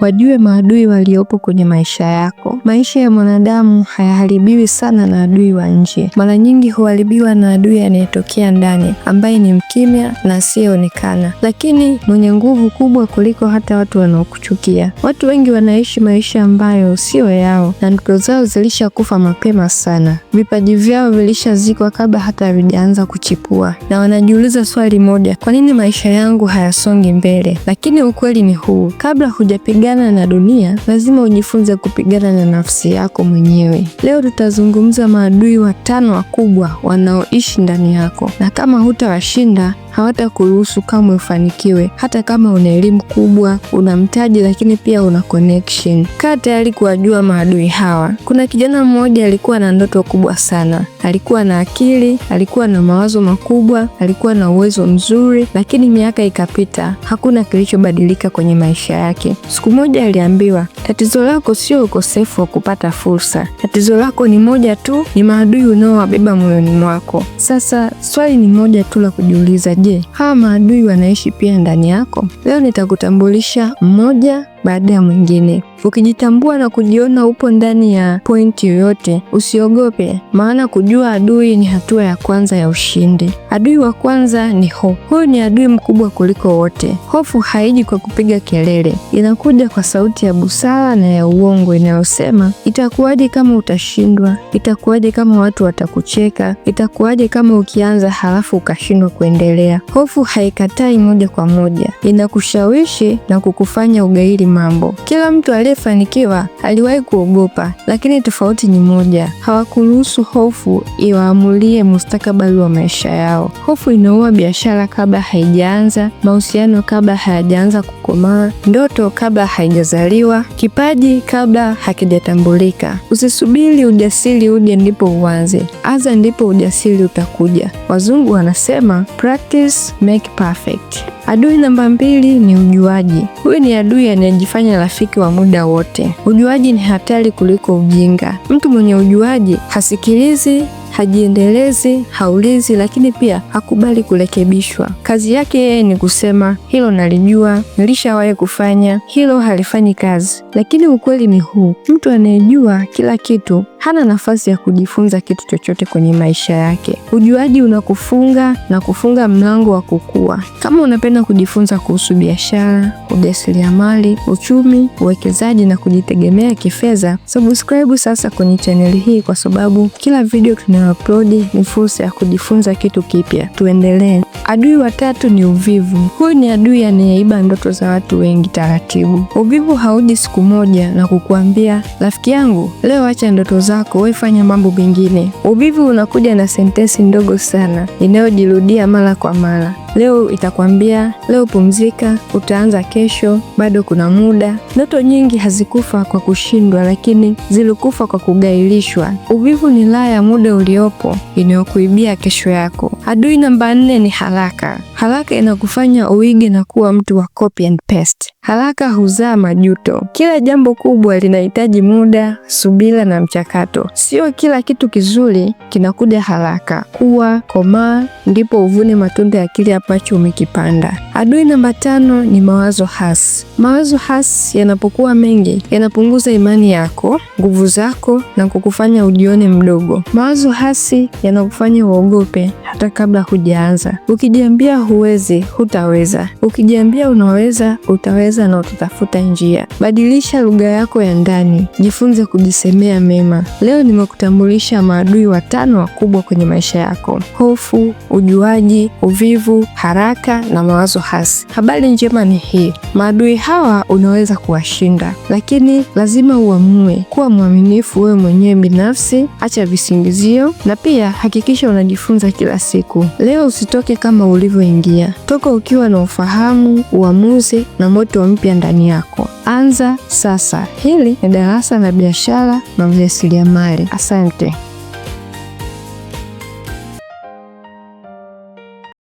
wajue maadui waliopo kwenye maisha yako. Maisha ya mwanadamu hayaharibiwi sana na adui wa nje, mara nyingi huharibiwa na adui anayetokea ndani, ambaye ni mkimya na asiyeonekana, lakini mwenye nguvu kubwa kuliko hata watu wanaokuchukia. Watu wengi wanaishi maisha ambayo siyo yao, na ndoto zao zilishakufa mapema sana, vipaji vyao vilishazikwa kabla hata havijaanza kuchipua, na wanajiuliza swali moja, kwa nini maisha yangu hayasongi mbele? Lakini ukweli ni huu, kabla hujapiga kupigana na dunia, lazima ujifunze kupigana na nafsi yako mwenyewe. Leo tutazungumza maadui watano wakubwa wanaoishi ndani yako, na kama hutawashinda hawatakuruhusu kama ufanikiwe, hata kama una elimu kubwa, una mtaji, lakini pia una connection. Kaa tayari kuwajua maadui hawa. Kuna kijana mmoja alikuwa na ndoto kubwa sana, alikuwa na akili, alikuwa na mawazo makubwa, alikuwa na uwezo mzuri, lakini miaka ikapita, hakuna kilichobadilika kwenye maisha yake. Siku moja aliambiwa, tatizo lako sio ukosefu wa kupata fursa, tatizo lako ni moja tu, ni maadui unaowabeba moyoni mwako. Sasa swali ni moja tu la kujiuliza Je, hawa maadui wanaishi pia ndani yako? Leo nitakutambulisha mmoja baada ya mwingine. Ukijitambua na kujiona upo ndani ya pointi yoyote, usiogope, maana kujua adui ni hatua ya kwanza ya ushindi. Adui wa kwanza ni hofu. Huyu ni adui mkubwa kuliko wote. Hofu haiji kwa kupiga kelele, inakuja kwa sauti ya busara na ya uongo inayosema, itakuwaje kama utashindwa? Itakuwaje kama watu watakucheka? Itakuwaje kama ukianza halafu ukashindwa kuendelea? Hofu haikatai moja kwa moja, inakushawishi na kukufanya ugaili mambo. Kila mtu aliyefanikiwa aliwahi kuogopa, lakini tofauti ni moja: hawakuruhusu hofu iwaamulie mustakabali wa maisha yao. Hofu inaua biashara kabla haijaanza, mahusiano kabla hayajaanza kukomaa, ndoto kabla haijazaliwa, kipaji kabla hakijatambulika. Usisubiri ujasiri uje ndipo uanze, anza ndipo ujasiri utakuja. Wazungu wanasema practice make perfect. Adui namba mbili ni ujuaji. Huyu ni adui anayejifanya rafiki wa muda wote. Ujuaji ni hatari kuliko ujinga. Mtu mwenye ujuaji hasikilizi hajiendelezi, haulizi, lakini pia hakubali kurekebishwa. Kazi yake yeye ni kusema hilo nalijua, nilishawahi kufanya hilo, halifanyi kazi. Lakini ukweli ni huu, mtu anayejua kila kitu hana nafasi ya kujifunza kitu chochote kwenye maisha yake. Ujuaji unakufunga na kufunga mlango wa kukua. Kama unapenda kujifunza kuhusu biashara, ujasiriamali, uchumi, uwekezaji na kujitegemea kifedha, subscribe sasa kwenye chaneli hii, kwa sababu kila video tunayoupload ni fursa ya kujifunza kitu kipya. Tuendelee. Adui wa tatu ni uvivu. Huyu ni adui anayeiba ndoto za watu wengi taratibu. Uvivu hauji siku moja na kukuambia rafiki yangu, leo acha ndoto zako, wewe fanya mambo mengine. Uvivu unakuja na sentensi ndogo sana inayojirudia mara kwa mara. Leo itakwambia leo pumzika, utaanza kesho, bado kuna muda. Ndoto nyingi hazikufa kwa kushindwa, lakini zilikufa kwa kugailishwa. Uvivu ni laa ya muda uliopo inayokuibia kesho yako. Adui namba nne ni haraka. Haraka inakufanya uige na kuwa mtu wa copy and paste. Haraka huzaa majuto. Kila jambo kubwa linahitaji muda, subira na mchakato. Sio kila kitu kizuri kinakuja haraka. Kuwa komaa, ndipo uvune matunda ya kile kipachu umekipanda. Adui namba tano ni mawazo hasi. Mawazo hasi yanapokuwa mengi yanapunguza imani yako, nguvu zako na kukufanya ujione mdogo. Mawazo hasi yanakufanya uogope hata kabla hujaanza. Ukijiambia huwezi, hutaweza. Ukijiambia unaweza, utaweza na utatafuta njia. Badilisha lugha yako ya ndani, jifunze kujisemea mema. Leo nimekutambulisha maadui watano wakubwa kwenye maisha yako: hofu, ujuaji, uvivu, haraka na mawazo hasi. Habari njema ni hii, maadui hawa unaweza kuwashinda, lakini lazima uamue kuwa mwaminifu wewe mwenyewe binafsi. Acha visingizio na pia hakikisha unajifunza kila siku. Leo usitoke kama ulivyoingia, toka ukiwa na ufahamu, uamuzi na moto mpya ndani yako. Anza sasa. Hili ni darasa la biashara na ujasiriamali. Asante.